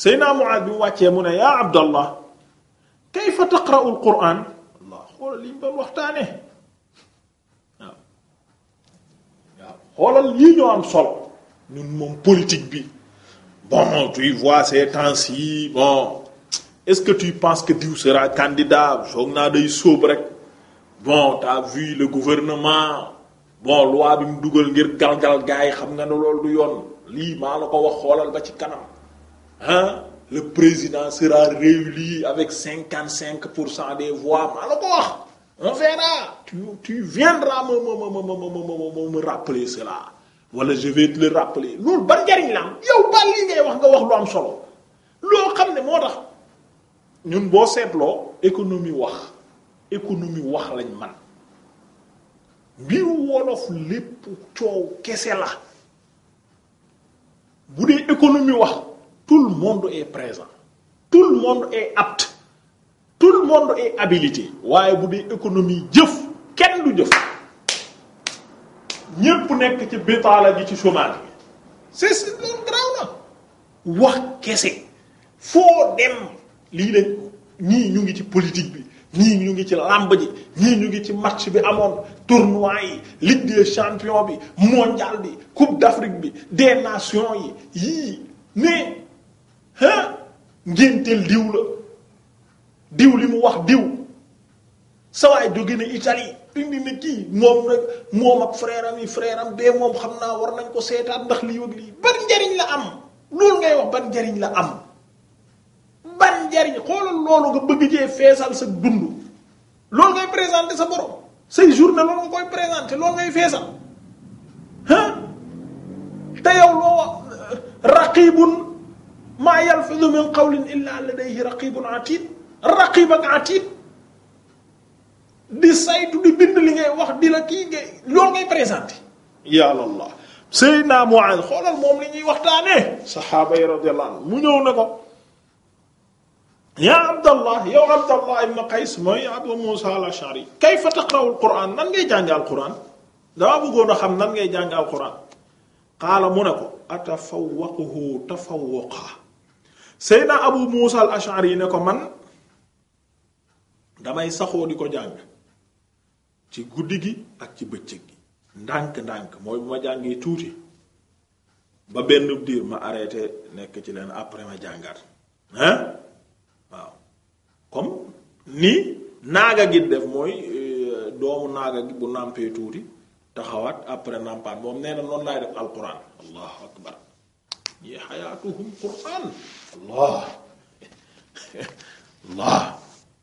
Seydina Muaad bi mu wàccee mu ne yaa Abdallah kayfa taqra'u al-Qur'aan Allah xoolal xoolal lii ñoo am solo ñun moom politik bi bon tu vois ces temps-ci bon est-ce que tu penses que diw sera candidat foog naa day sóob rek bon t'as vu le gouvernement bon loi bi mu dugal ngir galgal gaa yi xam nga ne loolu yoon lii maa la ko wax xoolal ba ci kanam. ah le président sera réélu avec cinquante cinq pour cent des voix maa la ko wax on verra tu tu viendras me me me me me rappeler cela wala je vais te le rappeler loolu ban njariñ la am yow ba lii ngay wax nga wax lu am solo loo xam ne moo tax ñun boo seetloo économie wax économie wax lañ man mbiru wolof lépp coow kese la bu dee économie wax. tout le monde est présent le monde est apte tout le monde est habilité waaye bu bi économie jëf kenn du jëf ñépp nekk ci bétaala ji ci chômage bi c'est c'est loolu garaaw la wax kese foo dem lii lañ ñii ñu ngi ci politique bi ñii ñu ngi ci làmb ji ñii ñu ngi ci match bi amoon tournoi yi ligue des bi mondial bi coupe d'Afrique bi des nations yi yii mais ah ngénteel diw la diw li mu wax diw sawaay jóge na Italie indi na kii moom rek moom ak frère am yi frère am bee moom xam naa war nañ ko seetaan ndax lii ak lii ban njariñ la am loolu ngay wax ban njariñ la am ban njariñ xoolal loolu nga bëgg jee feesal sa dund loolu ngay présenter sa borom say journée loolu nga koy présenter loolu ngay feesal ah te yow loo raqibun maa yalfidu min qawlin illa ladayhi raqibun atid raqib ak atid di saytu di bind li ngay wax di la kii ngay loolu ngay présenté yàlla allah Seydina Muaaz xoolal moom li ñuy waxtaanee saxaaba yi radiyallahu anhu mu ñëw ne ko yaa Abdallah yow Abdallah ibn Qays mooy Abu Muusaa al al-Qur'aan nan ngay jànge al-Qur'aan dama bëggoon a xam nan ngay jànge al-Qur'aan qaala mu ne ko atafawwaquhu tafawwuqa Seydina Abu Muusa al Ash'ari ne ko man damay saxoo di ko jàng ci guddi gi ak ci bëccëg gi ndànk-ndànk mooy bu ma jàngee tuuti ba benn biir ma arrêté nekk ci leen après ma jàngaat hein waaw comme ni naaga gi def mooy euh, doomu naaga gi bu nàmpee tuuti taxawaat après nàmpaat moom nee na noonu laay def alquran allahu akbar ñi xayaatuhum quraan allah allah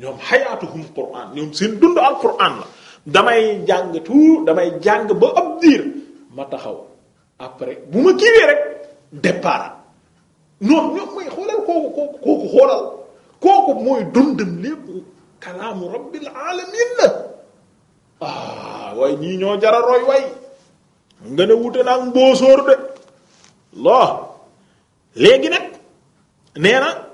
ñoom xayaatuhum quraan ñoom seen dund al quraan la damay jàng tout damay jàng ba ab diir ma taxaw après bu ma kiiwee rek départ noonu ñoom mooy xoolal kooku kooku xoolal kooku mooy dundam lépp kalaamu rabbil alamin la ah ñii ñoo jara way nga ne wute naa mbóosóor de loo léegi nag nee na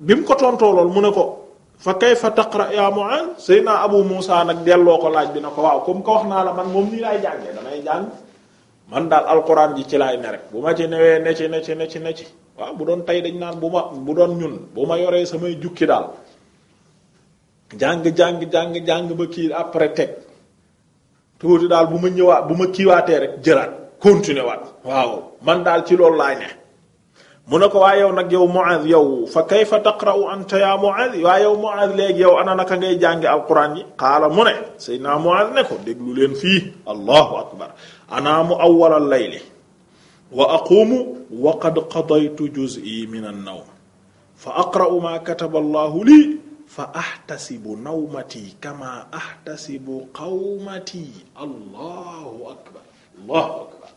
bi mu ko tontoo lool mu ne ko fa kayfa taqra ya Mu'adh naa Abu Musa nag delloo ko laaj bi na ko waaw comme ko wax naa la man moom nii laay jàngee damay jàng man daal alquran ji ci laay ne bu ma ci newee ne ci ne ci ne ci waaw bu doon tey dañ naan bu ma bu doon ñun bu ma yoree samay jukki daal jàng jàng jàng jàng ba kii après teg tuuti daal bu ma ñëwaat bu ma kiiwaatee rek jëlaat continuer waat waaw man daal ci loolu laay ne. mu ne ko waa yow nag yow Mu'aaz yow fa kayfa taqra'u anta ya Mu'aaz waa yow Mu'aaz léegi yow ana naka ngay jànge alquran yi qaala mu ne Seydina Mu'aaz ne ko déglu leen fii allahu akbar anaamu awwala layli wa aquumu wa qad qadaytu juz'i min an-nawm fa aqra'u ma kataba allahu lii fa ahtasibu nawmati kama ahtasibu qawmati allahu akbar allahu akbar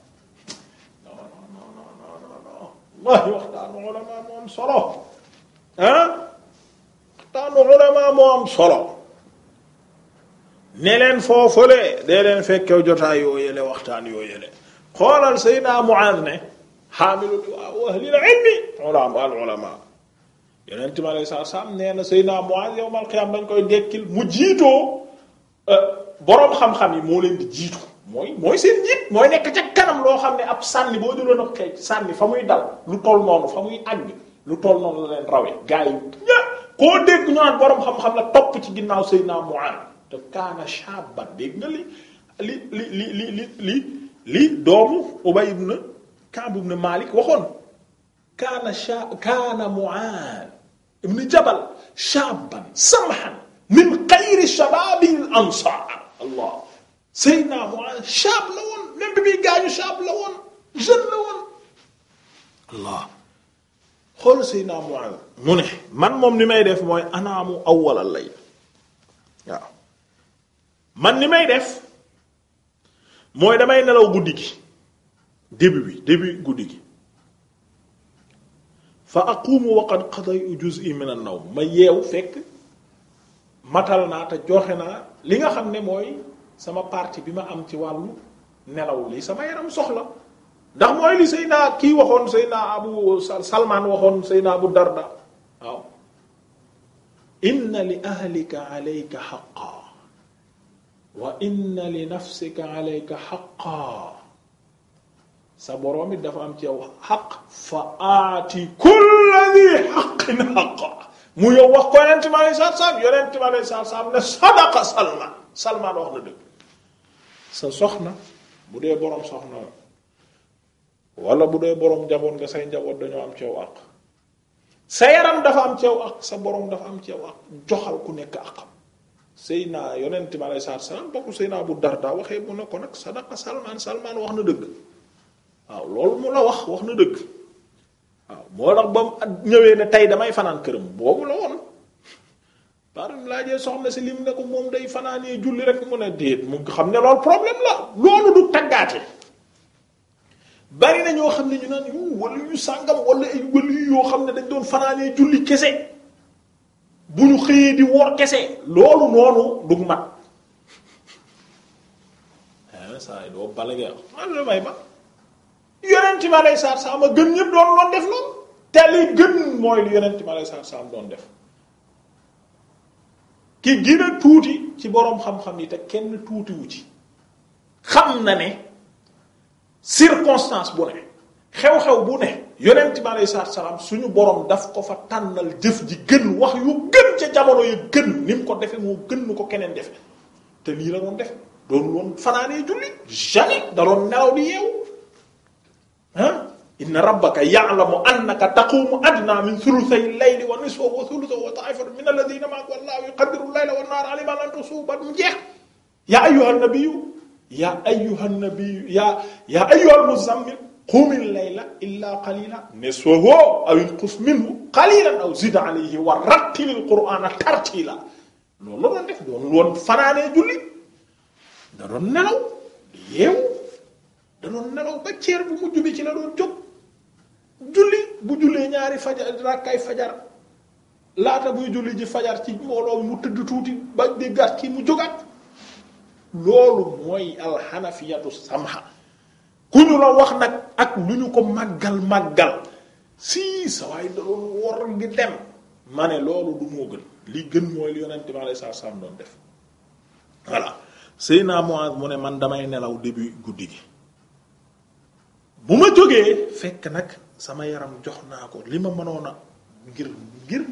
wallahi waxtaanu ulama moo am solo ah waxtaanu ulama moo am solo ne leen foofale dee leen fekkew jotaay yoo yële waxtaan yoo yële xoolal Seydina Muaaz ne xaamilu ahlil ilmi ulama al ulama yonent mi alei sat salam nee na Seydina Muaaz yawmal qiyaama dañ koy dekkil mu jiitoo eh, boroom xam-xam yi moo di jiitu mooy mooy seen mooy nekk ca kanam loo xam ne ab sànni boo jëloon ak xeej sànni fa muy dal lu toll noonu fa muy àgg lu toll noonu la leen rawee gars koo dégg ñu naan borom xam-xam la topp ci ginnaaw Seydina Mu'aaz te kaana shaban dégg nga li li li li li li doomu Ubay ibn Ka'b ibn Malik waxoon kaana sha kaana Mu'aaz ibn Jabal shaban samhan min xayri shababil ansaar allah Seydina Muaaz shaab la woon même bi gaañu shaab la woon jeune la woon allah xool Seydina Muaaz mu ne man moom ni may def mooy anaamu awwalal lay waaw man may def mooy damay nelaw guddi gi début bi début guddi gi fa aqumu wa qad qadaytu juz'i min an-nawm ma yeew fekk matal naa te joxe naa li nga xam ne mooy sama parti bi ma am ci wàllu nelaw li sama yaram soxla ndax mooy li Seyna kii waxoon Seyna Abu Salman waxoon naa Abu Darda waaw inna li ahlika alayka haqqan wa inna li nafsika alayka haqqan sa boroom it dafa am ci yow xaq fa aati kulla di xaqin xaqa mu yow wax ko yonent mi aleyhi salaatu salaam ne sadaqa Salman Salman wax na dëgg sa soxna bu dee boroom soxna walla bu dee boroom njaboot nga say njaboot dañoo am ceew àq sa yaram dafa am ceew àq sa boroom dafa am ceew àq joxal ku nekk àqam Seyna yonent bi aleyhi salaatu salaam bokk Seyna Abu Darda waxee mu ne ko nag sadaqa Salmaan Salmaan wax na dëgg waaw loolu mu la wax wax na dëgg waaw moo ñëwee ne tey damay fanaan këram boobu la woon par laajee soxna si lim ne ko moom day fanaanee julli rek mu ne déet mu xam ne loolu problème la loolu du taggaate bari na ñoo xam ne ñu naan yu wala yu sàngam wala ay wala yu yoo xam ne dañ doon fanaanee julli kese bu ñu xëyee di wor kese loolu noonu du mat ah saa yi doo bala ngay wax man la may ma yonent ma lay saar saama gën ñëpp doon doon def loolu te li gën mooy li yonent ma lay saar saam doon def. ki gën tuuti ci boroom xam-xam yi te kenn tuutiwu ci xam na ne circonstance bu ne xew-xew bu ne yonent bi aleyhi salaatu salaam suñu borom daf ko fa tànnal jëf ji gën wax yu gën ca jamono yu gën ni mu ko defe moo gën nu ko keneen defe te lii la doon def doon loon fanaanee julli jamais da doon nelaw di yeewu ah. inna rabbaka ya'lamu annaka taqumu adna min thuluthay al-layli wa nisfahu wa thuluthahu wa ta'ifatun min alladhina ma'aka wallahu yuqaddiru al-layla wan nahara alima lan tusibu ba mu jeex ya ayyuha an-nabiyyu ya ayyuha an-nabiyyu ya ya ayyuha al-muzzammil qum al-layla illa qalila nisfahu aw inqus minhu qalilan aw zid alayhi wa rattil al-qur'ana tartila loolu la doon def doon woon fanaanee julli da doon nelaw di yeewu da doon nelaw ba ceer bu mujj bi ci la doon jóg julli bu jullee ñaari fajar rakkay fajar laata buy julli ji fajar ci mbooloo mu tëdd tuuti bañ di gas ki mu jógaat loolu mooy alxanafiyatu samha ku ñu la wax nag ak lu ñu ko màggal màggal si sa waay da doon wor ngi dem ma ne loolu du moo gën li gën mooy li yonente bi alei satu salaam doon def voilà Seydina Muaz mu ne man damay nelaw début guddi gi bu ma jógee fekk nag sama yaram jox naa ko li ma mënoon a ngir ngir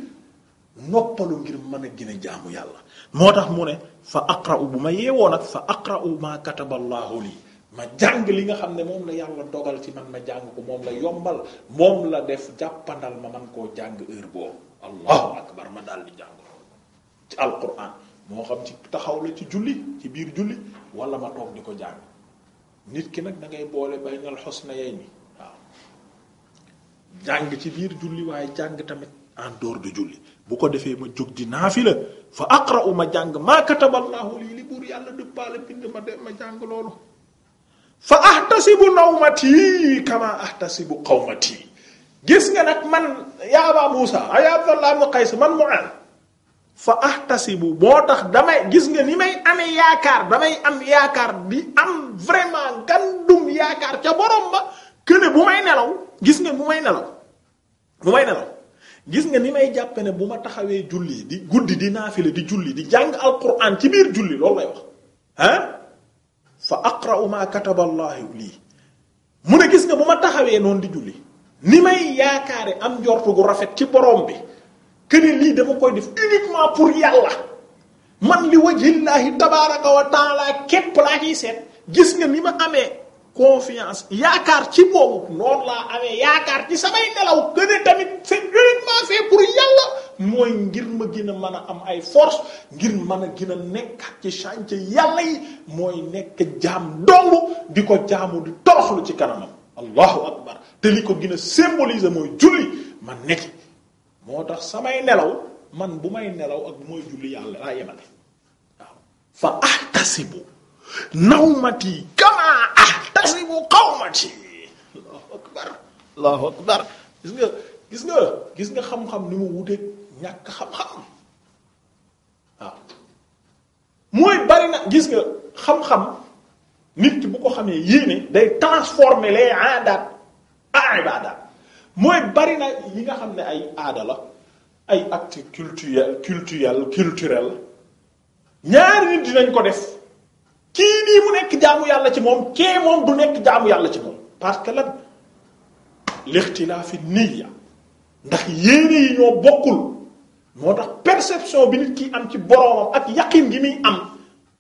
noppalu ngir mën a gën a yàlla moo tax mu ne fa aqra'u bu ma yeewoo nag fa aqra'u ma kataballaahu lii ma jàng li nga xam ne moom la yàlla dogal ci man ma jàng ko moom la yombal moom la def jàppandal ma man koo jàng heure boobu allahu akbar ma daal di jàng ci alquran moo xam ci taxaw la ci julli ci biir julli wala ma toog di ko jàng nit ki nag da ngay boole baynal husnayni jàng ci biir julli waaye jàng tamit en dehors de julli bu ko defee ma jóg di naafila fa aqra'u ma jàng maa kataballahu lii li buur yàlla dëppaale bind ma de ma jàng loolu fa ahtasibu nawmati kama ahtasibu qawmati gis nga nag man yaa Abaa Muusa ay Abdallah ibn Qays man mu an fa ahtasibu moo tax damay gis nga ni may amee yaakaar damay am yaakaar di am vraiment ngandum yaakaar ca borom ba këne bu may nelaw gis nga bu may nelaw bu may nelaw gis nga ni may jàppe ne bu ma taxawee julli di guddi di naafile di julli di jàng alquran ci biir julli loolu lay wax ah fa aqra'u ma kataba lii mu ne gis nga bu ma taxawee noonu di julli ni may yaakaare am njortu gu rafet ci borom bi këne lii dama koy def uniquement pour yàlla man li wajhillaahi tabaaraka wa taala képp laa ciy seet gis nga ni ma amee confiance yaakaar ci boobu noonu laa amee yaakaar ci samay nelaw gën a tamit c'est vraiment fait pour yàlla mooy ngir ma gën a mën a am ay force ngir man a gën a nekkat ci chantier yàlla yi mooy nekk jaam dong di ko jaamu di toroxlu ci kanamam allahu akbar te li ko gën a symboliser mooy julli ma nekki moo tax samay nelaw man bu may nelaw ak mooy may julli yàlla laa yemale waaw fa ahtasibu nawmati kamaa ahtasibu qawmati allahu akbar allahu akbar gis nga gis nga gis nga xam-xam ni mu wuteeg ñàkk xam-xam mooy bari na gis nga xam-xam nit bu ko xamee yéene day transformer les aadaat en ibaadaat mooy bari yi nga xam ne ay aadala ay acte culturel culturel culturel ñaari nit dinañ ko def kii nii mu nekk jaamu yàlla ci moom kee moom du nekk jaamu yàlla ci moom parce que la lan l'ixtilaafi niyya ndax yéene yi ñoo bokkul moo tax perception bi nit ki am ci boroomam ak yaqin gi muy am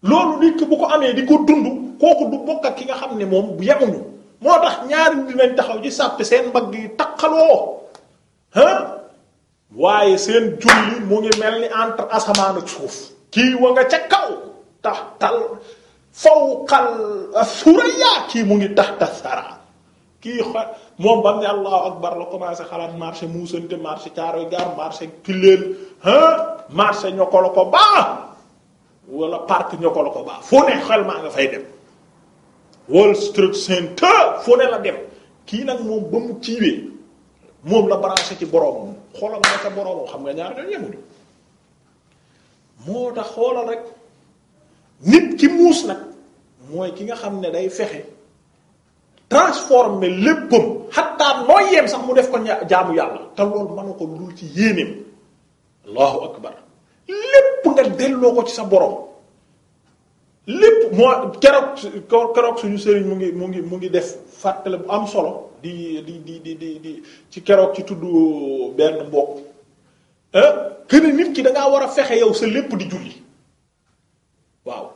loolu nit ki bu ko amee di ko dund kooku du bokk ki nga xam ne moom yemuñu moo tax ñaari dinañ taxaw ci sàpp seen mbagg yi takkaloo ah waaye seen julli mu ngi mel ni entre asamaan ak suuf kii wa nga ca kaw tax tal fawqal suraya kii mu ngi taxta sara kii xa moom bam xalaat marché muusante marché caaroy gaar marché killeen ah marché ñoo ko la ko baax wala parc foo xel maa nga fay dem Wall Street Center foo ne la dem kii nag moom ba mu ciiwee moom la branché ci boroomam xoolal ma sa boroomam xam nga ñaar ñoo yemuñu moo tax xoolal rek nit ki muus nag mooy ki nga xam ne day fexe transformer léppam xataa nooy yeem sax mu def ko jaamu yàlla te loolu mënu ko dul ci yéeneem allahu akbar lépp nga delloo ko ci sa boroom lépp moo keroog keroog suñu sëriñ mu ngi mu ngi mu ngi def fàttale bu am solo di di di di di ci keroog ci tudd benn mbokk ah nit ki da war a fexe yow sa lépp di julli waaw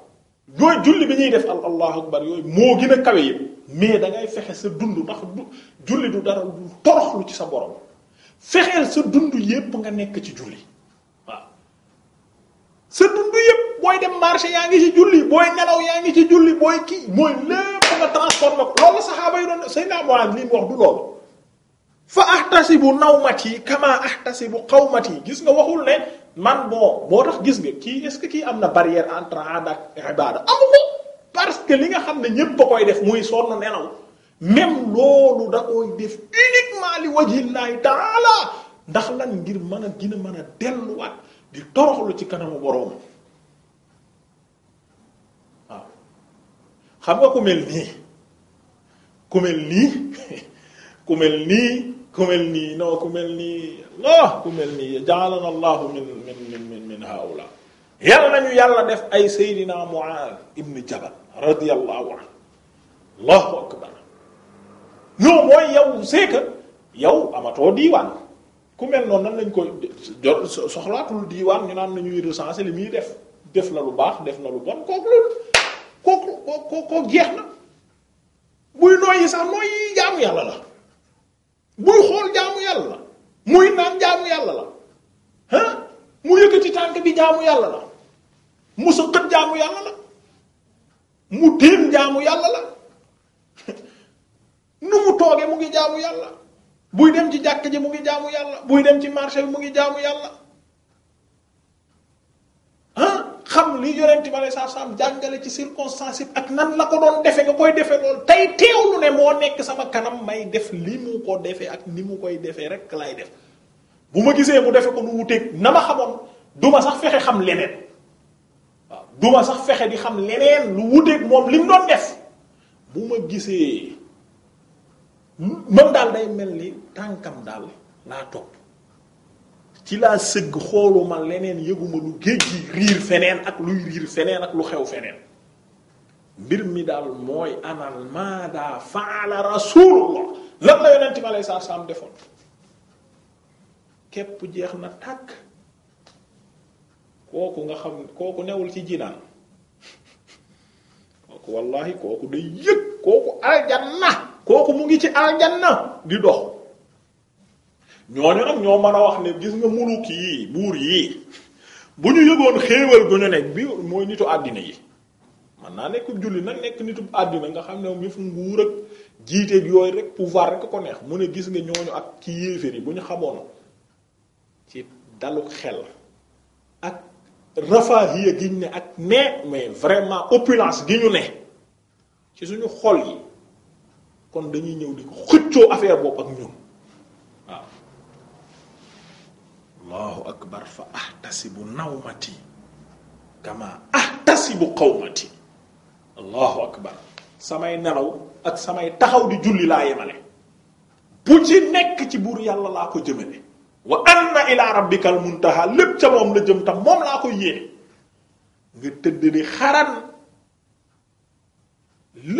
yooyu julli bi ñuy def al allahu akbar yooyu moo gën a kawe yëpp mais da ngay fexe sa dund ndax du julli du dara du toroxlu ci sa borom fexeel sa dund yëpp nga nekk ci julli waaw sa dund yëpp booy dem marché yaa ngi ci julli booy nelaw yaa ngi ci julli booy kii mooy lépp nga transformé ko loolu saxaaba yu doon Seydina Muaz li mu wax du loolu fa ahtasibu nawmati kama ahtasibu yi gis nga waxul ne man bon moo tax gis nga kii est-ce que kii am na barrière entre aada ak ibaada amu ko parce que li nga xam ne ñépp a koy def muy sonn nelaw même loolu da koy def uniquement li wajhillahi taala ndax lan ngir mën a gën a mën a delluwaat di toroxlu ci kanamu boroom waaw xam nga ku mel nii ku mel nii ku mel nii ku mel nii non ku mel nii Allah ku mel nii ja'alana Allahu min min min min yàlla nañu yàlla def ay Seydina Mu'adh ibn Jabal radiyallahu anhu Allahu akbar non mooy yow c'est que amatoo diiwaan ku mel noonu nan lañ ko soxlaatul diiwaan ñu naan nañuy recenser li muy def def na lu baax def na lu bon kooku loolu kooku kooku kooku na buy nooyi sax nooyi jaamu yàlla la. buy xool jaamu yàlla la muy naan jaamu yàlla la ah mu yëkkati tànk bi jaamu yàlla la mu sëqat jaamu yàlla la mu déem jaamu yàlla la nu mu toogee mu ngi jaamu yàlla buy dem ci jàkk ji mu ngi jaamu yàlla buy dem ci marché bi mu ngi jaamu yàlla xam li yonent bi alei satu salaam jàngale ci circonstance yi ak nan la ko doon defe nga koy defe loolu tey teewlu ne moo nekk sama kanam may def li mu ko defee ak ni mu koy defee rek lay def bu ma gisee mu defe ko nu wuteeg na ma xamoon duma sax fexe xam leneen waaw duma sax fexe di xam leneen lu wuteeg moom li mu doon def bu ma gisee moom daal day mel ni tànkam daal laa topp ci laa sëgg xooluma leneen yëguma lu géej gi riir feneen ak luy riir feneen ak lu xew feneen mbir mi daal mooy anal maada faala rasulullah lan la yonent mi aleyhi salaatu salaam defoon képp jeex na tàkk kooku nga xam kooku newul ci jinaan kooku wallahi kooku day yëg kooku aljanna kooku mu ngi ci aljanna di dox ñoo nag ñoo man a wax ne gis nga muluk yii buur yii bu ñu yëgoon xéewal gu ñu nekk bi mooy nitu àddina yi man naa nekk julli nag nekk nitu àddina nga xam ne moom yëfu nguur ak jiiteeg yooyu rek pouvoir rek ko neex mu ne gis nga ñooñu ak ci bu ñu xamoon ci dalu xel ak rafahiya gi ñu ne ak ne mais vraiment opulence gi ñu ne ci suñu xol yi kon dañuy ñëw di ko xëccoo affaire bopp ak ñun allahu akbar fa ahtasibu nawmati kama ahtasibu qawmati allahu akbar samay nelaw ak samay taxaw di julli laa yemale bu nekk ci buur yàlla laa ko jëmale wa anna ila rabbikal muntaha lépp ca moom la jëm tam moom laa koy yéene nga tëdd di xaran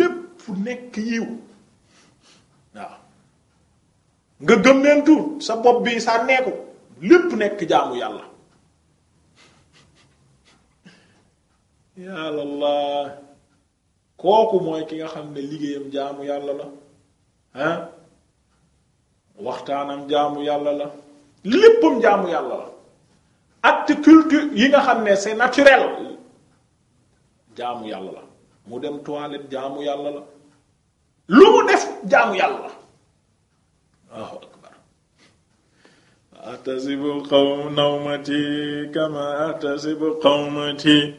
lépp nekk yiw waaw nga gëm leen sa bopp bi sa neeku lépp nekk jaamu yàlla yàlla la kooku mooy ki nga xam ne liggéeyam jaamu yàlla la ah waxtaanam jaamu yàlla la léppam jaamu yàlla la acte culture yi nga xam ne c'est naturel jaamu yàlla la mu dem toilette jaamu yàlla la lu mu def jaamu yàlla la أحتسب قوم نومتي كما أحتسب قومتي